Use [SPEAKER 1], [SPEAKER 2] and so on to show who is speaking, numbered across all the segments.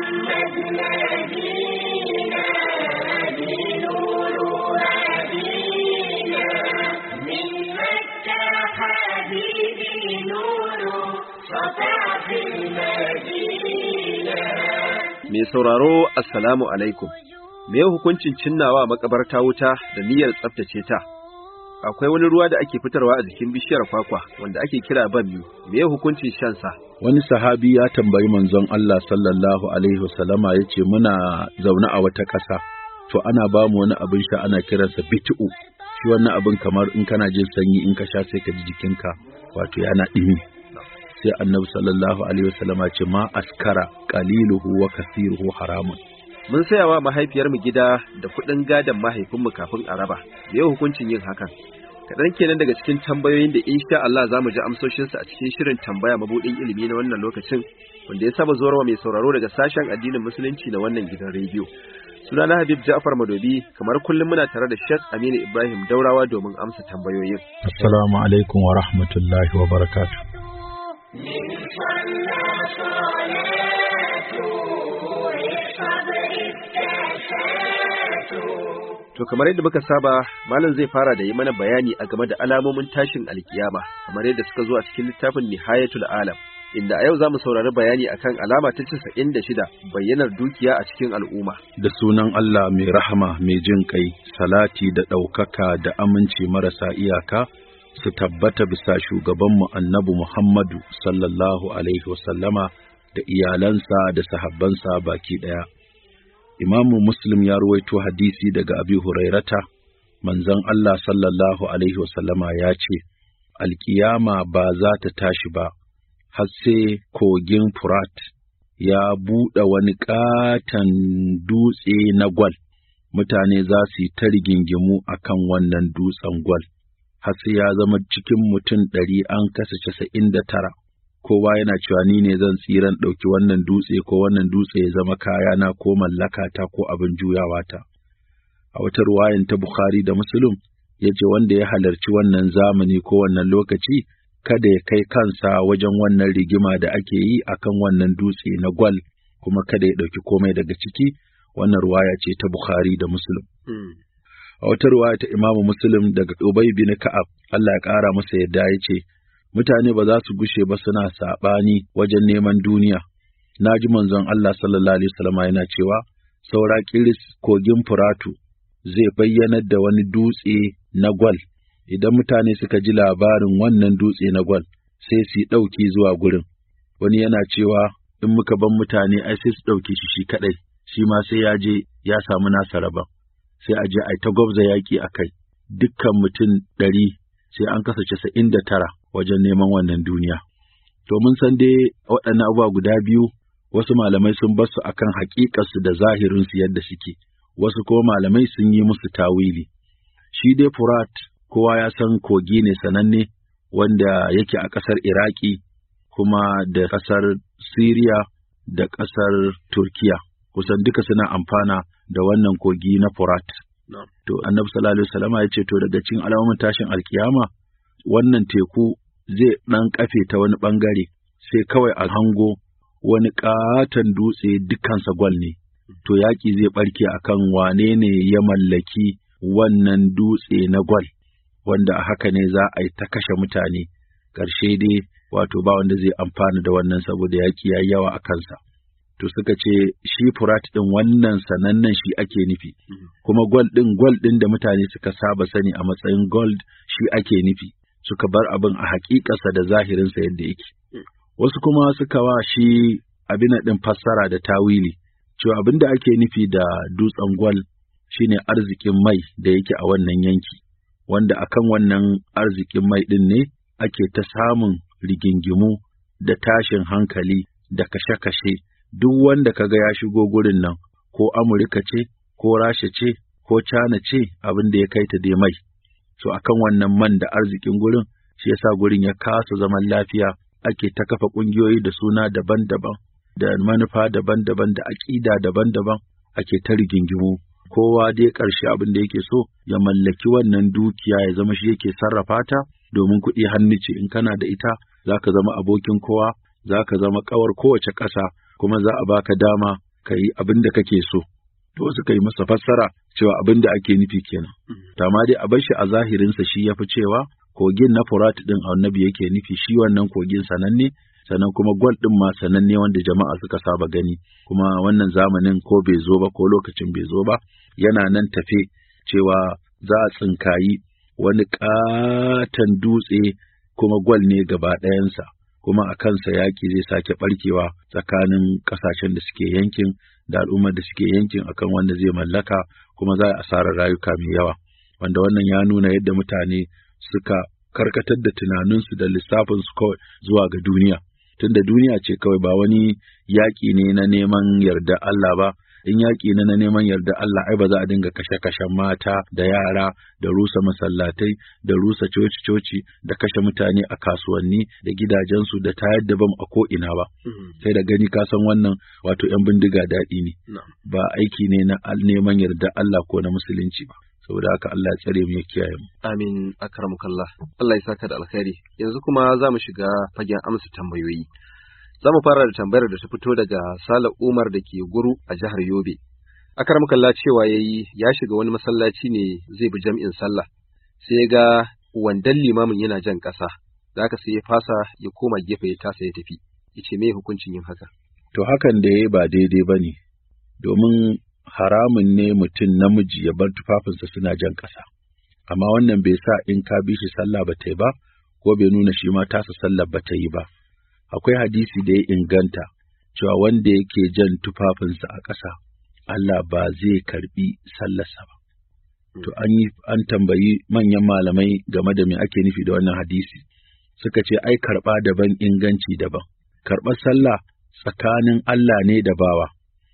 [SPEAKER 1] Mai sauraro Assalamu alaikum, me hukuncin cinnawa makabarta wuta da niyyar tsaftace ta? akwai wani ruwa da ake fitarwa a jikin bishiyar kwakwa wanda ake kira bammi me ya hukuncin sa
[SPEAKER 2] wani sahabi ya tambayi manzon Allah sallallahu alaihi wasallama yace muna zaune a wata ƙasa to ana ba mu wani abin sha ana kiransa bitu shi wannan abin kamar in kana jin sanyi in ka sha sai ka ji jikinka wato yana dimi sai annabi sallallahu alaihi wasallama ce ma askara qaliluhu wa kathiruhu haramun
[SPEAKER 1] mun saya sayawa mahaifiyarmu gida da kuɗin gadon mahaifinmu kafin a raba yau hukuncin yin hakan kaɗan kenan daga cikin tambayoyin da insha Allah za mu ji amsoshinsu a cikin shirin tambaya mabuɗin ilimi na wannan lokacin wanda ya saba zuwarwa mai sauraro daga sashen addinin musulunci na wannan gidan rediyo sunana Habib Ja'far Madobi kamar kullum muna tare da Sheikh Aminu Ibrahim Daurawa domin amsa tambayoyin
[SPEAKER 2] Assalamu alaikum wa rahmatullahi wa barakatuh
[SPEAKER 1] To kamar yadda muka saba, Malam zai fara da yi mana bayani a game da alamomin tashin alkiyama, kamar yadda suka zo a cikin littafin Nihayatul Alam, inda a yau za mu saurari bayani akan alama ta casa'in da shida bayyanar dukiya a cikin al'umma.
[SPEAKER 2] Da sunan Allah mai rahama mai jin kai, salati da ɗaukaka da aminci marasa iyaka su tabbata bisa shugabanmu annabi Muhammadu sallallahu alaihi wasallama da iyalansa da sahabbansa baki ɗaya. Imamu Muslim ya ruwaito hadisi daga Abi Hurairata, manzon Allah sallallahu Alaihi wasallama ya ce, Alkiyama ba za ta tashi ba, har sai kogin Furat ya buɗe wani ƙaton dutse na gwal, mutane za su yi ta rigingimu akan wannan dutsen gwal, har sai ya zama cikin mutum ɗari an kasa casa'in da tara. kowa yana cewa ni ne zan tsiran ɗauki wannan dutse ko wannan dutse ya zama kayana ko mallakata ko abin juyawa ta. A wata ruwayan ta Bukhari da Muslim ya ce wanda ya halarci wannan zamani ko wannan lokaci kada ya kai kansa wajen wannan rigima da ake yi akan wannan dutse na gwal kuma kada ya ɗauki komai daga ciki wannan ruwaya ce ta Bukhari da Muslim. Hmm. a wata ruwaya ta Imamu Muslim daga Ubay bin Ka'ab Allah ya ƙara masa yadda ya ce mutane ba za su gushe ba suna saɓani wajen neman duniya. Na ji manzon Allah sallallahu Alaihi wasallama yana cewa, saura kiris kogin furatu zai bayyanar da wani dutse na gwal, idan mutane suka ji labarin wannan dutse na gwal, sai su ɗauki zuwa gurin. Wani yana cewa, in muka ban mutane ai sai su ɗauke shi shi kaɗai, shi ma sai ya je ya samu nasa rabon, sai a je ai ta gwabza yaƙi a kai, dukkan mutum ɗari sai an kasa casa'in da tara. wajen neman wannan duniya. To mun san dai waɗannan abuwa guda biyu wasu malamai sun bar su akan haƙiƙarsu da zahirin su yadda suke, wasu kuma malamai sun yi musu tawili. Shi dai Furat kowa ya san kogi ne sananne wanda yake a ƙasar Iraki kuma da ƙasar Siriya da ƙasar Turkiya. Kusan duka suna amfana da wannan kogi na Furat. To Annabi sallallahu alaihi wasallam ya ce to daga cikin alamomin tashin alkiyama wannan teku zai ɗan kafe ta wani ɓangare, sai kawai a hango wani ƙaton dutse dukansa gwal ne, to yaƙi zai ɓarke a kan wane ne ya mallaki wannan dutse na gwal, wanda a haka ne za a yi ta kashe mutane, ƙarshe dai wato ba wanda zai amfana da wannan saboda yaƙi ya yawa a kansa. To suka ce shi furat ɗin wannan sanannen shi ake nufi, mm-hmm. kuma gwal ɗin gwal ɗin da mutane suka saba sani a matsayin gold shi ake nufi. suka bar abin a haƙiƙarsa da zahirinsa yadda yake. Wasu kuma suka wa shi abin ɗin fassara da tawili, cewa abin da ake nufi da dutsen gwal shine arzikin mai da yake a wannan yanki, wanda a kan wannan arzikin mai ɗin ne ake ta samun rigingimu da tashin hankali da kashe-kashe duk wanda kaga ya shigo gurin nan ko Amurka ce ko Rasha ce ko Cana ce abin da ya kai ta dai mai. so akan wannan man da arzikin gurin shi yasa gurin ya kasa zaman lafiya ake ta kafa ƙungiyoyi da suna daban-daban da manufa daban-daban da aƙida daban-daban ake ta rigingimu kowa dai ƙarshe abin da yake so ya mallaki wannan dukiya ya zama shi yake sarrafa ta domin kuɗi hannu ce in kana da ita za ka zama abokin kowa za ka zama ƙawar kowace ƙasa kuma za a baka dama ka yi abin da kake so to suka yi masa fassara cewa abin da ake nufi kenan mm. ma dai a bar shi a zahirinsa shi ya fi cewa kogin na Furat din annabi yake nufi shi wannan kogin sananne sannan kuma gwal ɗin ma sananne wanda jama'a suka saba gani kuma wannan zamanin ko bai zo ba ko lokacin bai zo ba yana nan tafe cewa za a tsinkayi wani ƙaton dutse kuma gwal ne gaba ɗayansa kuma a kansa yaƙi zai sake ɓarkewa tsakanin ƙasashen da suke yankin da al'ummar da suke yankin akan wanda zai mallaka kuma za a asarar rayuka mai yawa wanda wannan ya nuna yadda mutane suka karkatar da tunaninsu da lissafinsu kawai zuwa ga duniya tunda duniya ce kawai ba wani yaƙi ne na neman yarda Allah ba in yaƙi na, na neman yarda Allah ai ba za a dinga kashe-kashen mata da yara da rusa masallatai da rusa coci-coci da kashe mutane a kasuwanni da gidajensu da tayar da bam a ko'ina ba mm-hmm. sai da gani ka san wannan wato yan bindiga daɗi ne ba aiki ne na neman yarda Allah ko na musulunci ba saboda haka Allah ya tsare mu ya kiyaye mu
[SPEAKER 1] amin akramukallah Allah ya saka da alkhairi yanzu kuma za mu shiga fagen amsa tambayoyi Za mu fara da tambayar da ta fito daga Sala Umar da ke guru a jihar Yobe. Akar mukalla cewa ya yi ya shiga wani masallaci ne zai bi jam'in sallah, sai ya ga wandan limamin yana jan ƙasa, da aka sai ya fasa ya koma gefe ya tasa ya tafi, ya ce me hukuncin yin haka.
[SPEAKER 2] To hakan da ya yi ba daidai ba ne, domin haramun ne mutum namiji ya bar tufafinsa suna jan ƙasa, amma wannan bai sa in ka bi shi sallah ba ta yi ba, ko bai nuna shi ma tasa sallah ba ta yi ba. akwai hadisi da ya inganta cewa wanda yake jan tufafinsa a ƙasa Allah ba zai karbi sallarsa ba to an yi an tambayi manyan malamai game da me ake nufi da wannan hadisi suka ce ai karɓa daban inganci daban karɓar sallah tsakanin Allah ne da bawa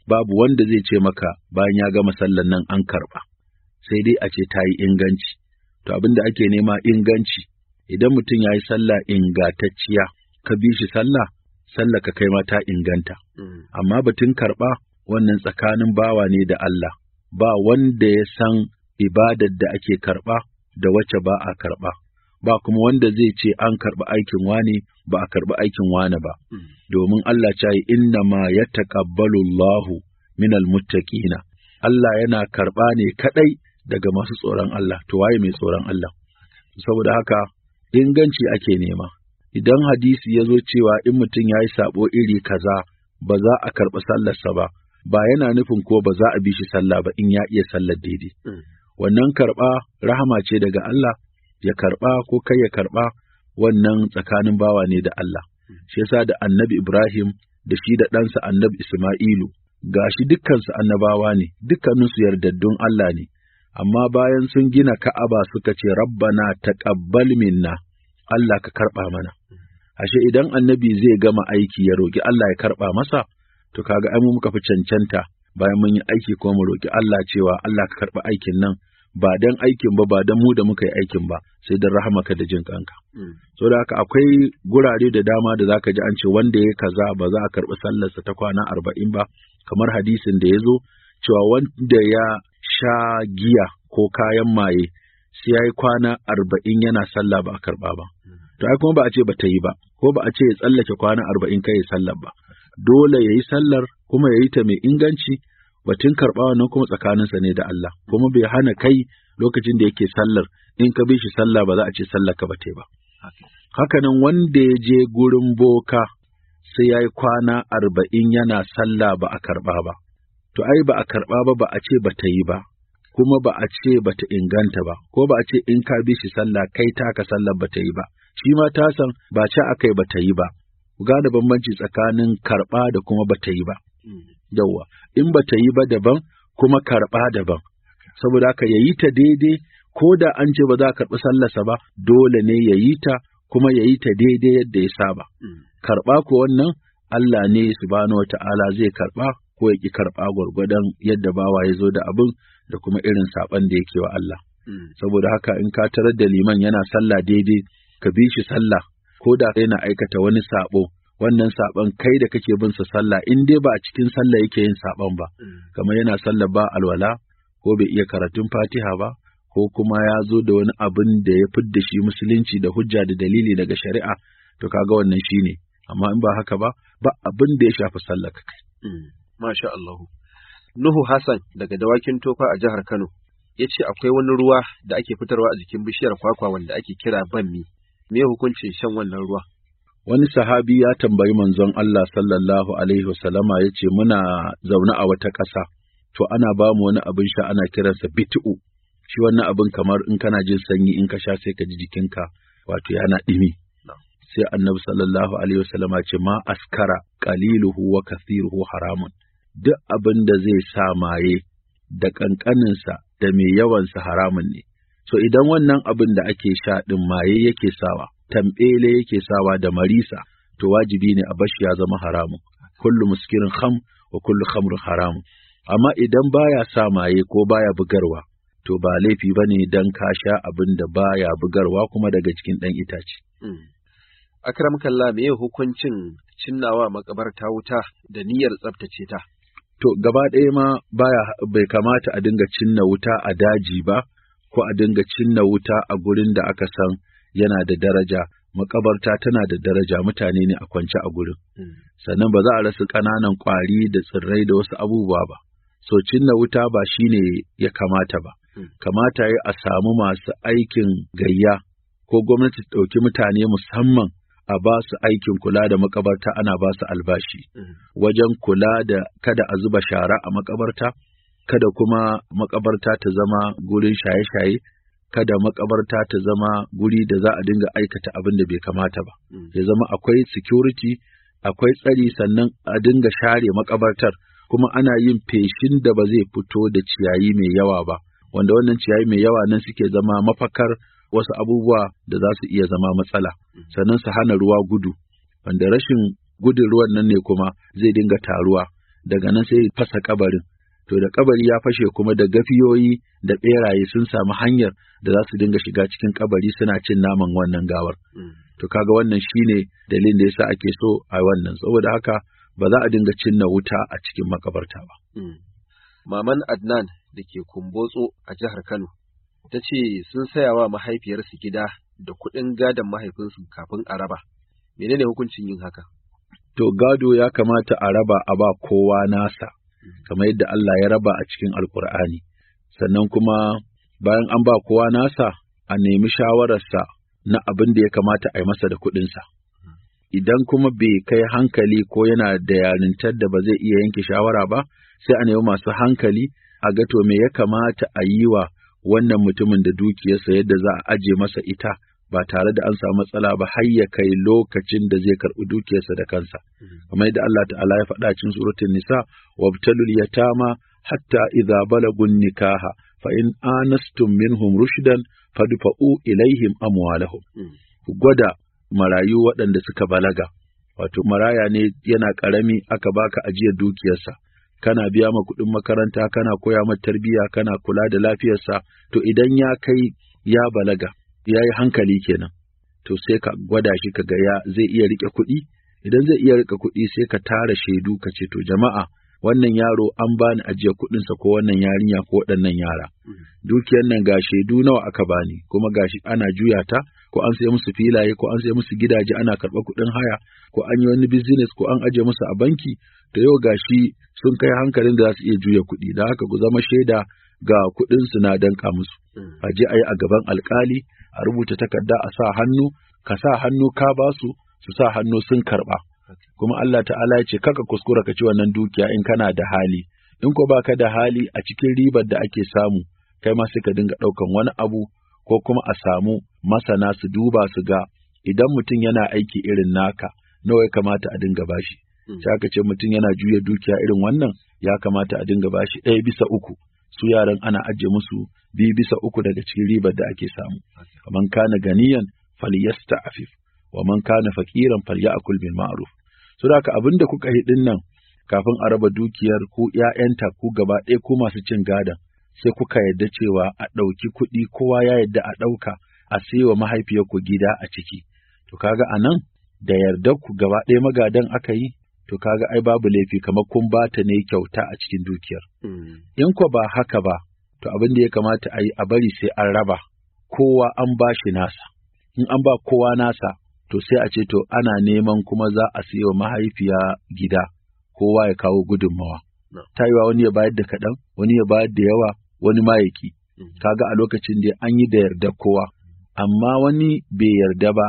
[SPEAKER 2] babu wanda zai ce maka bayan ya gama sallan nan an karɓa, sai dai a ce ta yi inganci, to abin da ake nema inganci, idan mutum ya yi sallah ingatacciya ka bi shi sallah sallah ka kai ma ta inganta mm. amma batun karɓa wannan tsakanin bawa ne da Allah ba wanda ya san ibadar da ake karɓa da wacce ba a karɓa ba kuma wanda zai ce an karɓi aikin wane ba a karɓi aikin wane ba mm. domin Allah ya yi inna ma ya taqabbalu Allahu minal muttaqina Allah yana karɓa ne kaɗai daga masu tsoron Allah to waye mai tsoron Allah saboda haka inganci ake nema idan hadisi ya zo cewa in mutum ya yi sabo iri kaza ba za a karɓi sallarsa ba ba yana nufin ko ba za a bi shi sallah ba in ya iya sallar daidai hmm. wannan karɓa rahama ce daga Allah ya karɓa ko kai ya karɓa wannan tsakanin bawa ne da Allah hmm. shi yasa da annabi Ibrahim da shi da ɗansa annabi Isma'ilu gashi dukkansu annabawa ne dukkaninsu yardaddun Allah ne amma bayan sun gina Ka'aba suka ce rabbana taqabbal minna Allah ka karɓa mana. Ashe idan annabi zai gama aiki ya roƙi Allah ya karɓa masa, to kaga ai mu muka fi cancanta bayan mun yi aiki kuma mu roƙi Allah cewa Allah ka karɓa aikin nan ba dan aikin ba ba dan mu da muka yi aikin ba sai dan rahamaka da jin kanka. Hmm. So da haka akwai gurare da dama da zaka ji an ce wanda ya kaza ba za a karɓi sallarsa ta kwana arba'in ba kamar hadisin da ya zo cewa wanda ya sha giya ko kayan maye sai ya yi kwana arba'in yana sallah ba a karɓa ba. to ai kuma ba a ce ba ta yi ba ko ba a ce ya tsallake kwana arba'in kai sallar ba dole ya yi sallar kuma ya yi ta mai inganci batun karɓa wannan kuma tsakaninsa ne da Allah kuma bai hana kai lokacin da yake sallar in ka bi shi sallah ba za a ce sallar ka ba ta yi ba haka nan wanda ya je gurin boka sai ya yi kwana arba'in yana sallah ba a karɓa ba to ai ba a karɓa ba ba a ce ba ta yi ba kuma ba a ce ba ta inganta ba, ko ba a ce in ka bi shi sallah kai taka sallar ba ta yi ba, shi ma ta san ba ca akai ba ta yi ba ku gane bambanci tsakanin karɓa da kuma ba ta yi ba yawwa in ba ta yi ba daban kuma karɓa daban saboda haka yayi ta daidai ko da an ce ba za a karɓi sallarsa ba dole ne yayi ta kuma yayi ta daidai yadda ya saba karɓa ko wannan Allah ne Su subhanahu wata'ala zai karɓa ko ya ƙi karɓa gwargwadon yadda bawa ya zo da abin da kuma irin saɓon da yake wa Allah. Hmm. Saboda haka in ka tarar da liman yana sallah daidai ka bi shi sallah ko da yana aikata wani sabo wannan sabon kai da kake bin sa sallah in dai ba a cikin sallah yake yin sabon ba mm. kamar yana sallah ba alwala ko bai iya karatun Fatiha ba ko kuma ya zo da wani abin da ya fidda shi musulunci da hujja da dalili daga shari'a to kaga wannan shine amma in ba haka ba ba abin da ya shafi sallah kai
[SPEAKER 1] mm. masha Allah Nuhu Hassan daga dawakin tofa a jihar Kano ya ce akwai wani ruwa da ake fitarwa a jikin bishiyar kwakwa wanda ake kira banmi me hukuncin shan wannan ruwa
[SPEAKER 2] wani sahabi ya tambayi manzon Allah sallallahu alaihi wasallama ya ce muna zaune a wata ƙasa to ana ba mu wani abin sha ana kiransa bit'u shi wannan abin kamar in kana jin sanyi in ka sha sai ka ji jikinka wato yana ɗimi sai annabi sallallahu alaihi wasallama ce ma askara qaliluhu wa kathiruhu haramun duk abin da zai sa maye da ƙanƙaninsa da mai yawansa haramun ne So idan wannan abin da ake sha ɗin maye yake sawa, tambele yake sawa da marisa, to wajibi ne a bashi ya zama haramun. Kullu muskirin kham wa kullu khamrin haramun. Amma idan baya sa maye ko baya bugarwa, to ba laifi ba ne don ka sha abin da baya bugarwa kuma daga cikin ɗan itace.
[SPEAKER 1] Mm. Akram kalla me hukuncin cinnawa makabarta wuta da niyyar tsaftace ta?
[SPEAKER 2] To gaba ɗaya ma baya bai kamata a dinga cinna wuta a daji ba, ko a dinga cinna wuta a gurin da aka san yana da daraja, makabarta tana da daraja mutane ne a kwance a gurin. Hmm. Sannan ba za a rasa ƙananan ƙwari da tsirrai da wasu abubuwa ba. So cinna wuta ba shi ne ya kamata ba. Hmm. Kamata ya a samu masu aikin gayya ko gwamnati ta ɗauki mutane musamman a ba su aikin kula da makabarta ana ba su albashi. Hmm. Wajen kula da kada a zuba shara a makabarta, kada kuma makabarta ta zama gurin shaye-shaye, kada makabarta ta zama guri da za a dinga aikata abin da bai kamata ba. Mm. Ya zama akwai security, akwai tsari sannan a dinga share makabartar, kuma ana yin feshin da ba zai fito da ciyayi mai yawa ba, wanda wannan ciyayi mai yawa nan suke zama mafakar wasu abubuwa da za su iya zama matsala, mm. sannan su hana ruwa gudu, wanda rashin gudun ruwan nan ne kuma zai dinga taruwa, daga nan sai fasa kabarin. to da kabari ya fashe kuma da gafiyoyi da beraye sun samu hanyar da za su dinga shiga cikin kabari suna cin naman wannan gawar. Mm. To kaga wannan shine dalilin da yasa ake so a wannan saboda haka ba za a dinga cinna wuta a cikin makabarta ba. Mm.
[SPEAKER 1] Maman Adnan da ke Kumbotso a jihar Kano ta ce sun saya wa mahaifiyarsu gida da kuɗin gadon mahaifinsu kafin a raba. Menene hukuncin yin haka?
[SPEAKER 2] To gado ya kamata a raba a ba kowa nasa. kamar yadda Allah ya raba a cikin Alƙur'ani. Sannan kuma bayan an ba kowa nasa a nemi shawararsa na abin da ya kamata a yi masa da kuɗinsa. Idan kuma bai kai hankali ko yana da yarintar da ba zai iya yanke shawara ba, sai a nemi masu hankali a ga to me ya kamata a yi wa wannan mutumin da dukiyarsa yadda za a aje masa ita ba tare da an samu matsala ba har ya kai lokacin da zai karɓi dukiyarsa da kansa mm-hmm. kamar da Allah ta'ala ya faɗa cikin suratul nisa wabtalul yatama hatta idza balagun nikaha fa in anastum minhum rushdan fadfa'u ilaihim amwalahum mm-hmm. ku gwada marayu waɗanda suka balaga wato maraya ne yana ƙarami aka baka ajiyar dukiyarsa kana biya ma kuɗin makaranta kana koya ma tarbiyya kana kula da lafiyarsa to idan ya kai ya balaga ya yi hankali kenan to sai ka gwada shi ka ga ya zai iya rike kuɗi idan zai iya rike kuɗi sai ka tara shaidu ka ce to jama'a wannan yaro an bani ajiye kuɗinsa ko wannan yarinya ko waɗannan yara mm-hmm. dukiyar nan ga shaidu nawa aka bani kuma gashi ana juya ta ko an sai musu filaye ko an sai musu gidaje ana karɓar kuɗin haya ko an yi wani business ko an aje musu a banki to yau gashi sun kai hankalin da za su iya juya kuɗi da haka ku zama shaida ga kuɗin su na danka musu mm-hmm. a je a yi a gaban alkali a rubuta takarda a sa hannu ka sa hannu ka ba su su sa hannu sun karɓa. kuma Allah ta'ala ya ce kaka kuskura ka ci wannan dukiya in kana da hali in ko baka da hali a cikin ribar da ake samu kai ma sai ka dinga ɗaukan wani abu ko kuma a samu masana su duba su ga idan mutum yana aiki irin naka nawa ya kamata a dinga bashi hmm. sai aka ce mutum yana juya dukiya irin wannan ya kamata a dinga bashi ɗaya bisa uku su yaran ana ajiye musu biyu bisa uku daga cikin ribar da ake samu man kana ganiyan falyasta'fif wa man kana faqiran falyakul bil ma'ruf so da abinda kuka yi din nan kafin a raba dukiyar ku ƴaƴanta ku gaba ɗaya ku masu cin gadon sai kuka yadda cewa a ɗauki kuɗi kowa ya yadda a ɗauka a wa mahaifiyarku gida a ciki to kaga anan da yarda ku gaba ɗaya magadan aka yi to kaga ai babu laifi kamar kun bata ne kyauta a cikin dukiyar. Mm. In ko ba haka ba, to abin da ya kamata a yi a bari sai an raba kowa an ba shi nasa in an ba kowa nasa to sai a ce to ana neman kuma za a siyo mahaifiya gida kowa ya kawo gudunmawa Ta yi wa wani ya bayar da kaɗan wani ya bayar da yawa wani ma ya ki mm-hmm. kaga a lokacin da an yi da yarda kowa amma wani bai yarda ba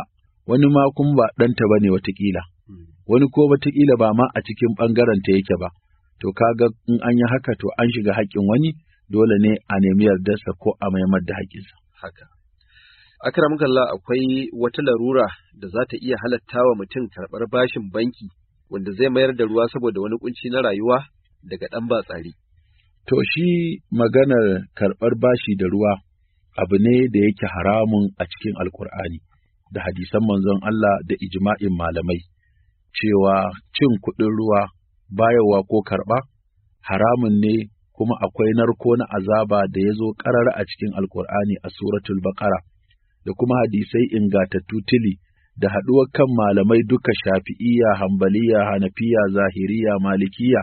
[SPEAKER 2] wani ma kuma ba ɗanta ba ne watakila mm-hmm. wani ko watakila ba ma a cikin ɓangaren ta yake ba to kaga in an yi haka to an shiga haƙƙin wani dole ne a nemi yardarsa ko a maimar da haƙinsa. Haka.
[SPEAKER 1] Akram kalla akwai wata larura da za ta iya halatta wa mutum karɓar bashin banki wanda zai mayar da ruwa saboda wani ƙunci na rayuwa daga ɗan ba tsari.
[SPEAKER 2] To shi maganar karɓar bashi da ruwa abu ne da yake haramun a cikin Alƙur'ani da hadisan manzon Allah da Ijima'in malamai cewa cin kuɗin ruwa bayarwa ko karɓa haramun ne kuma akwai narko na azaba da ya zo ƙarar a cikin Alƙur'ani a suratul Baƙara, da kuma hadisai ingatattu tili da haɗuwar kan malamai duka shafi'iyya, hambaliya, hanafiya, zahiriya, malikiya,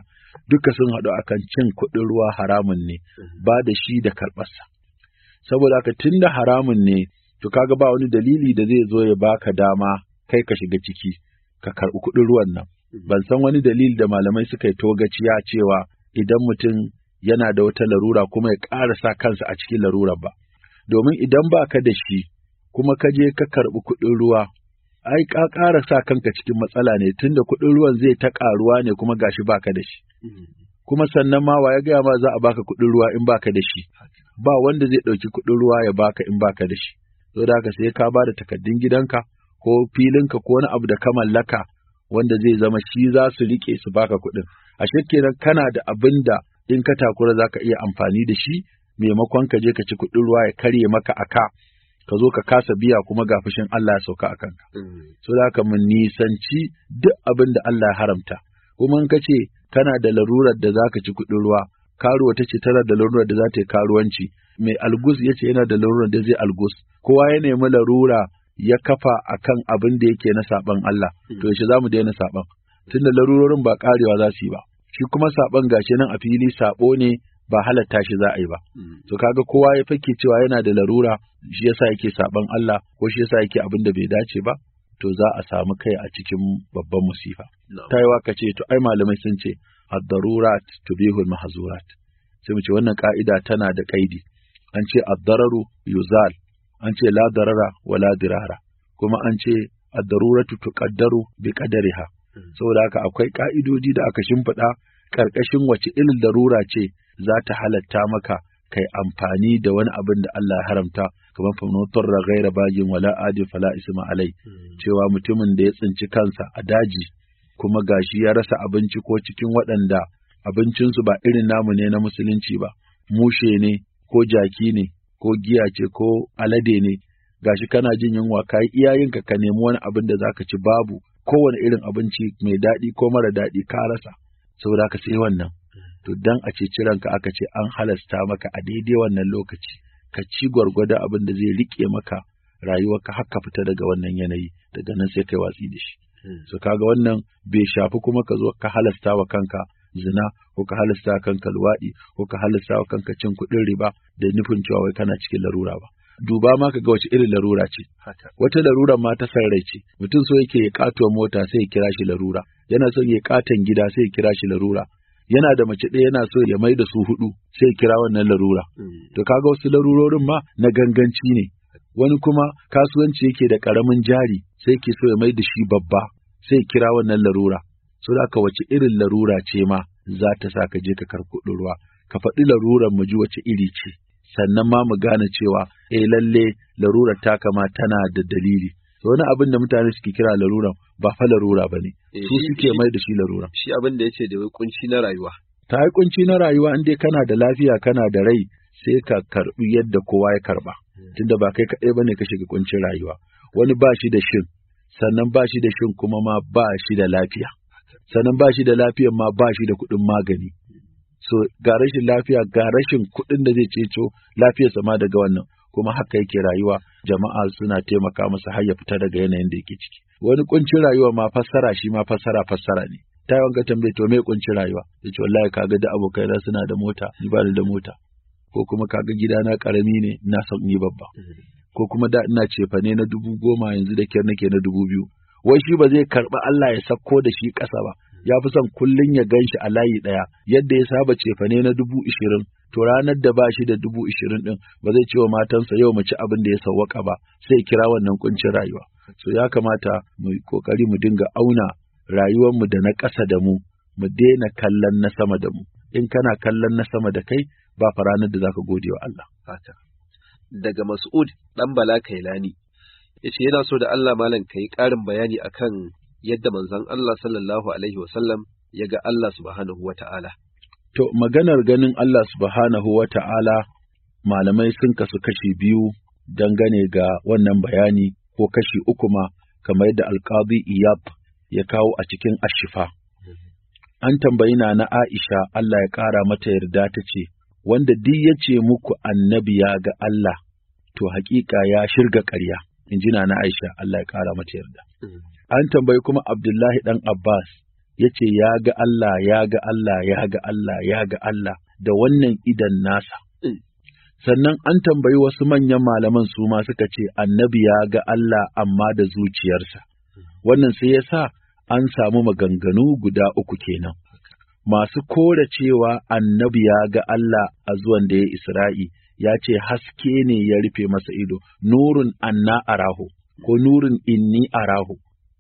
[SPEAKER 2] duka sun haɗu akan cin kuɗin ruwa haramun ne, ba da shi da karɓarsa. Saboda ka tun da haramun ne, to kaga ba wani dalili da zai zo ya baka dama kai ka shiga ciki, ka karɓi kuɗin ruwan nan. Ban san wani dalili da malamai suka yi togaciya cewa idan mutum yana da wata larura kuma ya ƙarasa kansa a cikin larurar ba. Domin idan ba ka da shi, kuma ka je ka karɓi kuɗin ruwa, ai ka ƙara kanka cikin matsala ne tunda kuɗin ruwan zai ta ƙaruwa ne kuma gashi baka da shi. Kuma sannan ma wa ya gaya ma za a baka kuɗin ruwa in baka da shi, ba wanda zai ɗauki kuɗin ruwa ya baka in baka da shi. da haka sai ka bada da takardun gidanka ko filinka ko wani abu da ka mallaka wanda zai zama shi za su riƙe su baka kuɗin. Ashe kenan kana da abin da in ka takura za ka iya amfani da shi maimakon ka je ka ci kuɗin ruwa ya karye maka a ka zo ka kasa biya kuma ga fushin Allah ya sauka a kanka. Mm. So da ka mun nisanci duk abin da Allah ya haramta. Kuma in ka ce kana da larurar da za ka ci kuɗin ruwa, karuwa ta ce tana da larurar da za ta yi karuwanci, mai algus ya ce yana da larurar da zai algus. Kowa ya nemi larura ya kafa akan abin da yake na saɓan Allah, to yaushe za mu daina saɓan. Tunda larurorin ba ƙarewa za su yi ba. shi kuma saɓon gashi nan a fili saɓo ne ba halatta shi za a yi ba. To mm. kaga kowa ya fake cewa yana da larura shi yasa yake saban Allah ko shi yasa yake abin da bai dace ba to za a samu kai a cikin babban musifa. Ta yi waka ce to ai malamai sun ce ad-darurat tubihul mahzurat. Sai mu ce wannan ka'ida tana da kaidi. An ce ad-dararu yuzal, an ce la darara wala dirara, kuma an ce ad-daruratu tuqaddaru bi qadariha. saboda haka akwai ka'idoji da aka shimfiɗa ƙarƙashin wace irin darura ce za ta halatta maka kai amfani da wani abin da Allah ya haramta kamar famnotar da gaira bagin wala adi fala isma alai hmm. cewa mutumin da ya tsinci kansa a daji kuma gashi ya rasa abinci ko cikin waɗanda abincinsu ba irin namu ne na musulunci ba mushe ne ko jaki ne ko giya ce ko alade ne gashi kana jin yunwa kai iyayenka ka nemi wani abin da zaka ci babu kowane irin abinci mai daɗi ko mara daɗi ka rasa saboda ka sai wannan to dan a ce ka aka ce an halasta maka a daidai wannan lokaci ka ci gwargwada abin da zai rike maka rayuwarka har ka fita daga wannan yanayi daga nan sai kai watsi da shi hmm. so kaga wannan bai shafi kuma ka zo ka halasta wa kanka zina ko ka halasta wa kanka luwaɗi ko ka halasta wa kanka cin kuɗin riba da nufin cewa wai kana cikin larura ba duba ma ka wace irin larura ce wata larura ma ta san ce mutum so yake ya kato mota sai ya kira shi larura yana so ya katan gida sai ya kira shi larura yana da mace ɗaya yana so ya mai da su hudu sai ya kira wannan larura mm. to kaga wasu larurorin ma na ganganci ne wani kuma kasuwanci yake da karamin jari sai ke so ya mai da shi babba sai ya kira wannan larura so da wace irin larura ce ma za ta sa ka je ka karkuɗi ruwa ka faɗi larurar mu ji wace iri ce sannan ma mu gane cewa eh lalle larurar ta kama tana da dalili to wani abin da mutane suke kira larura ba fa larura bane eh, su suke mai da shi larura shi
[SPEAKER 1] abin da yace da wai kunci na rayuwa
[SPEAKER 2] ta yi kunci na rayuwa inda kana da lafiya kana da rai sai ka karbi yadda kowa ya karba hmm. tunda ba kai kaɗai bane ka shiga kuncin rayuwa wani ba shi da shin sannan ba shi da shin kuma ma ba shi da lafiya sannan ba shi da lafiyan ma ba shi da kuɗin magani so ga rashin lafiya ga rashin kuɗin da zai ceto lafiyarsa ma daga wannan kuma haka yake rayuwa jama'a suna taimaka masa har ya fita daga yanayin da yake ciki wani kuncin rayuwa ma fassara shi ma fassara fassara ne ta yawan tambaye to me kuncin rayuwa Ya ce, wallahi kaga da abokai na suna da mota ni ba da mota ko kuma kaga gida na karami ne ina son yi babba ko kuma da ina cefa ne na dubu goma yanzu da kyar nake na dubu biyu wai shi ba zai karba Allah ya sako da shi ƙasa ba ya fi son kullum ya gan shi a layi ɗaya yadda ya saba cefane na dubu ishirin to ranar da ba shi da dubu ishirin ɗin ba zai ce wa matansa yau mu ci abin da ya sawwaka ba sai kira wannan kuncin rayuwa so ya kamata mu kokari mu dinga auna rayuwar mu da na ƙasa da mu mu daina kallon na sama da mu in kana kallon na sama da kai ba fa ranar da zaka gode wa Allah
[SPEAKER 1] daga Mas'ud ɗan Bala Kailani yace yana so da Allah malam ka yi ƙarin bayani akan yadda manzon Allah sallallahu alaihi wasallam ya ga Allah subhanahu ta’ala.
[SPEAKER 2] To maganar ganin Allah subhanahu ta’ala malamai sun kasu kashi biyu dangane ga wannan bayani ko kashi uku ma kamar da alkazi iyab ya kawo a cikin ashifa. An tambayi na na Aisha Allah ya ƙara mata yarda ta ce, Wanda duk ya ce muku annabi ya ga Allah, to haƙiƙa ya shirga ƙarya. injina na Aisha Allah ya kara mata yarda mm. an tambayi kuma Abdullahi dan Abbas yace ya ga Allah ya ga Allah ya ga Allah ya ga Allah da wannan idan nasa mm. sannan an tambayi wasu manyan malaman su ma suka ce annabi ya ga Allah amma da zuciyarsa mm. wannan sai yasa an samu maganganu guda uku kenan masu kora cewa annabi ya ga Allah a zuwan da ya Isra'i ya ce haske ne ya rufe masa ido nurun anna arahu ko nurun inni arahu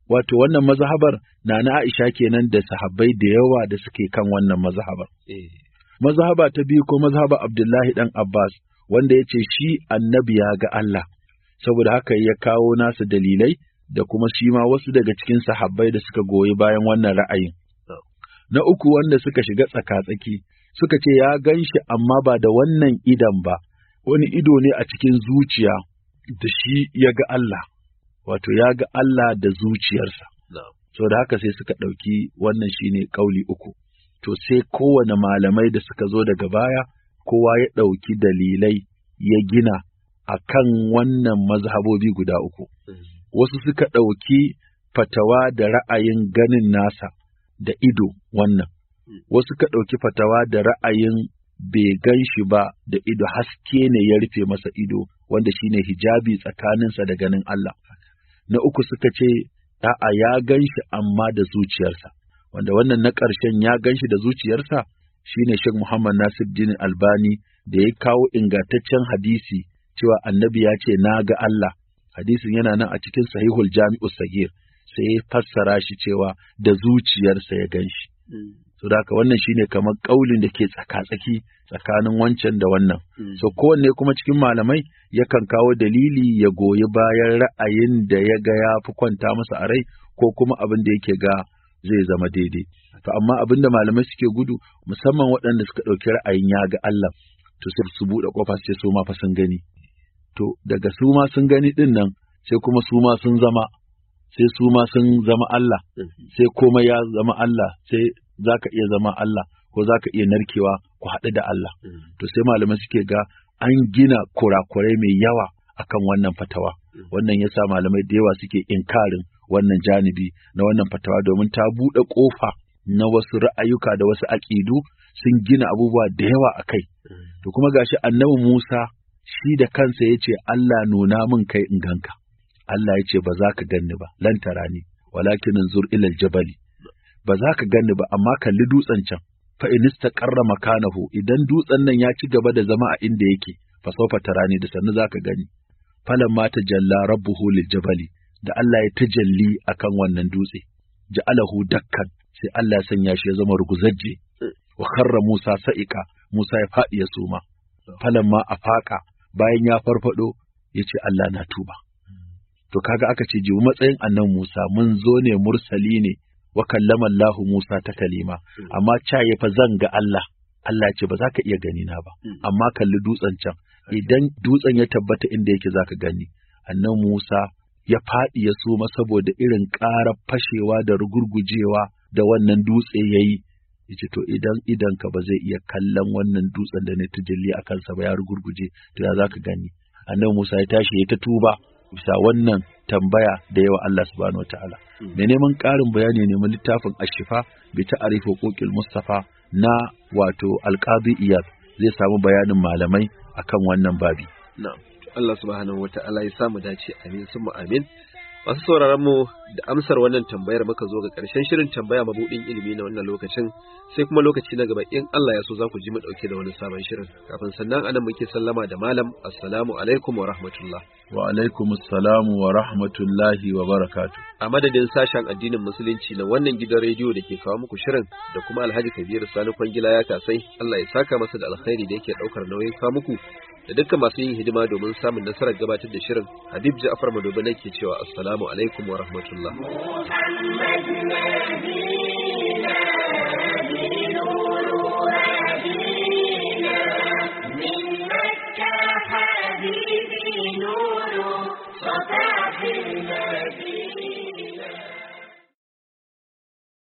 [SPEAKER 2] wato wannan mazhabar na na Aisha kenan da sahabbai da yawa da suke kan wannan mazhabar Mazahaba eh. mazhaba ta biyu ko mazhaba Abdullahi dan Abbas wanda yace shi annabi ya ga Allah saboda haka ya kawo nasa dalilai da kuma shi ma wasu daga cikin sahabbai da suka goyi bayan wannan ra'ayin na uku wanda suka shiga tsaka-tsaki suka ce ya gan shi amma ba da wannan idan ba, wani ido ne a cikin zuciya da shi ya ga Allah, wato ya ga Allah da zuciyarsa. So da haka sai suka ɗauki wannan shi ne ƙauli uku. To sai kowane malamai da suka zo daga baya, kowa ya ɗauki dalilai ya gina a kan wannan mazhabobi guda uku. Mm-hmm. Wasu suka ɗauki fatawa da ra'ayin ganin nasa da ido wannan. wasu ka ɗauki fatawa da ra'ayin bai gan shi ba da ido haske ne ya rufe masa ido wanda shi ne hijabi tsakaninsa da ganin Allah. Na uku suka ce ya'a ya gan shi amma da zuciyarsa, wanda wannan na ƙarshen ya gan shi da zuciyarsa shi ne Sheikh Muhammad Nasir Jinin Albani da ya kawo ingantaccen hadisi cewa annabi ya ce na ga Allah. Hadisin yana nan a cikin sahihul jami'u sahir sai ya fassara shi cewa da zuciyarsa ya gan hmm. so da haka wannan shine kamar kaulin da ke tsaka-tsaki tsakanin wancan da wannan hmm. so kowanne kuma cikin malamai yakan kawo dalili ya goyi bayan ra'ayin da ya ga ya fi kwanta masa a rai ko kuma abin da yake ga zai zama daidai to amma abin da malamai suke gudu musamman waɗanda suka ɗauki ra'ayin ya ga Allah to sai su buɗe kofa su ce su ma fa sun gani to daga su ma sun gani din nan sai kuma su ma sun zama sai su ma sun zama Allah hmm. sai komai ya zama Allah sai za ka iya zama Allah ko za ka iya narkewa ku haɗu da Allah. Mm. To sai malamai suke ga an gina kurakurai mai yawa akan wannan fatawa. Mm. Wannan yasa malamai da yawa suke inkarin wannan janibi na wannan fatawa domin ta buɗe ƙofa na wasu ra'ayuka da wasu aƙidu sun gina abubuwa da yawa a kai. Mm. To kuma gashi annabi Musa shi da kansa ya ce Allah nuna min kai in ganka. Allah ya ce ba za ka ganni ba, lantara ni. walakin zur ilal jabali ba za ka gani ba amma kalli dutsen can fa in istaqarra makanahu idan dutsen nan ya ci gaba da zama a inda yake fa sawfa tarani da sannu za ka gani ta jalla rabbuhu Jabali. da Allah ya tajalli akan wannan dutse ja'alahu dakkan sai Allah ya sanya shi ya zama ruguzajje wa karra Musa sa'ika Musa ya faɗi ya suma ma a faƙa bayan ya farfaɗo, ya ce Allah na tuba to kaga aka ce jiwu matsayin annan Musa mun zo ne mursali ne wa kallama Allah Musa ta kalima hmm. amma ca ya fa zan ga Allah Allah ce ba za ka iya gani na ba hmm. amma kalli dutsen can idan dutsen ya tabbata inda yake za ka gani annan Musa ya faɗi ya suma saboda irin ƙara fashewa da rugurgujewa da wannan dutse ya yi yace to idan idan ka ba zai iya kallon wannan dutsen da ne tijalli a kansa ba ya rugurguje to ya za ka gani annabi Musa ya tashi ya ta tuba bisa wannan tambaya da yawa Allah subhanahu ta'ala. Hmm. mai neman ƙarin bayani ne mu littafin ashifa bi ta'rif kokil mustafa na wato alqadi iyad zai samu bayanin malamai akan wannan babi na'am
[SPEAKER 1] Allah subhanahu ta'ala ya samu dace amin summa amin Masu sauraron mu da amsar wannan tambayar muka zo ga ƙarshen shirin tambaya mabuɗin ilimi na wannan lokacin sai kuma lokaci na gaba in Allah ya so za ku ji mu ɗauke da wani sabon shirin kafin sannan anan muke sallama da malam assalamu alaikum wa rahmatullah
[SPEAKER 2] wa alaikum assalamu wa rahmatullahi wa barakatu a madadin
[SPEAKER 1] sashen addinin musulunci na wannan gidan rediyo da ke kawo muku shirin da kuma Alhaji Kabiru Sani Kwangila ya kasai Allah ya saka masa da alkhairi da yake ɗaukar nauyin kawo muku da dukkan masu yin hidima domin samun nasarar gabatar da shirin Habib Ja'far Madobe nake cewa assalamu alaikum wa
[SPEAKER 2] rahmatullah